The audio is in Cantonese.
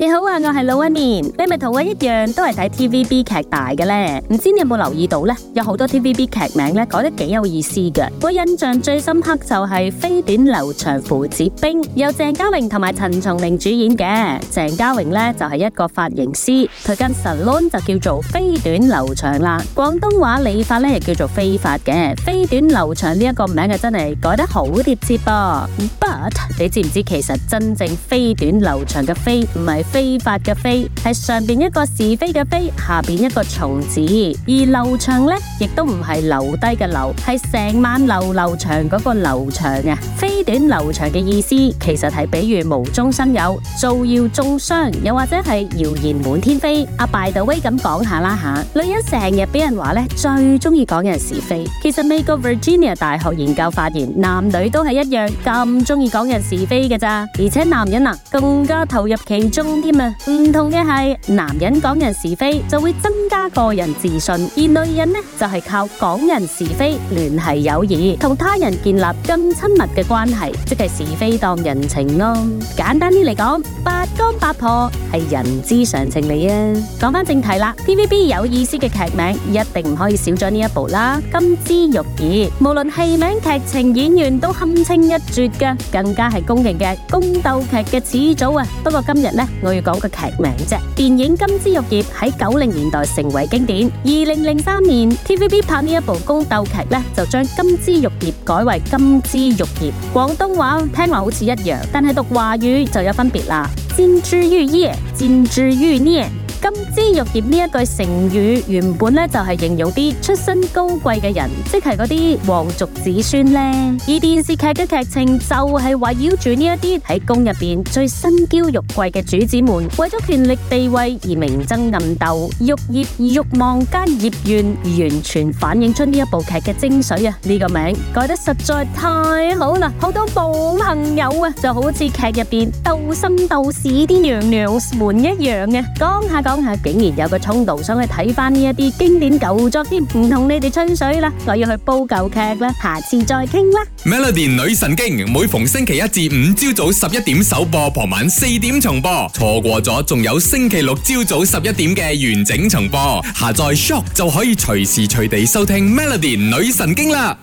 你好啊，我係老一年，你咪同我一樣都係睇 TVB 劇大嘅咧。唔知你有冇留意到咧？有好多 TVB 劇名咧改得幾有意思嘅。我印象最深刻就係《飛短流長父子兵》，由鄭嘉穎同埋陳松伶主演嘅。鄭嘉穎咧就係一個髮型師，佢間 salon 就叫做飛短流長啦。廣東話理髮咧又叫做飛髮嘅，飛短流長呢一個名嘅真係改得好貼切噃。But 你知唔知其實真正飛短流長嘅飛唔係？非法嘅非係上面一個是非嘅非，下面一個蟲字，而流長呢，亦都唔係留低嘅留，係成晚流流長嗰個流長啊！飛短流長嘅意思其實係比喻無中生有，造謠中傷，又或者係謠言滿天飛。阿 by the way 咁講下啦吓，女人成日俾人話呢：「最中意講人是非，其實美國 Virginia 大學研究發現，男女都係一樣咁中意講人是非嘅咋，而且男人啊更加投入其中。啲嘛，唔同嘅係男人講人是非就會增加個人自信，而女人呢就係、是、靠講人是非聯繫友誼，同他人建立更親密嘅關係，即係是，是非當人情咯。簡單啲嚟講，八公八婆係人之常情嚟啊！講翻正題啦，TVB 有意思嘅劇名一定唔可以少咗呢一部啦，《金枝欲孽》，無論戲名、劇情、演員都堪稱一絕嘅，更加係公認嘅宮鬥劇嘅始祖啊！不過今日呢？我要講個劇名啫，電影《金枝玉葉》喺九零年代成為經典。二零零三年，TVB 拍呢一部宮鬥劇呢，就將《金枝玉葉》改為《金枝玉葉》。廣東話聽落好似一樣，但係讀華語就有分別啦，《金枝玉葉》，《金枝欲孽》。金枝玉葉呢一句成語原本咧就係、是、形容啲出身高貴嘅人，即係嗰啲皇族子孫咧。而電視劇嘅劇情就係、是、圍繞住呢一啲喺宮入面最身嬌肉貴嘅主子們，為咗權力地位而明爭暗鬥，玉葉慾望加業怨，完全反映出呢一部劇嘅精髓啊！呢、這個名改得實在太好啦，好多好朋友啊，就好似劇入面鬥心鬥士啲娘娘們一樣嘅、啊，講下。當下竟然有個衝動，想去睇翻呢一啲經典舊作添，唔同你哋吹水啦，我要去煲舊劇啦，下次再傾啦。Melody 女神經每逢星期一至五朝早十一點首播，傍晚四點重播，錯過咗仲有星期六朝早十一點嘅完整重播，下載 Shock 就可以隨時隨地收聽 Melody 女神經啦。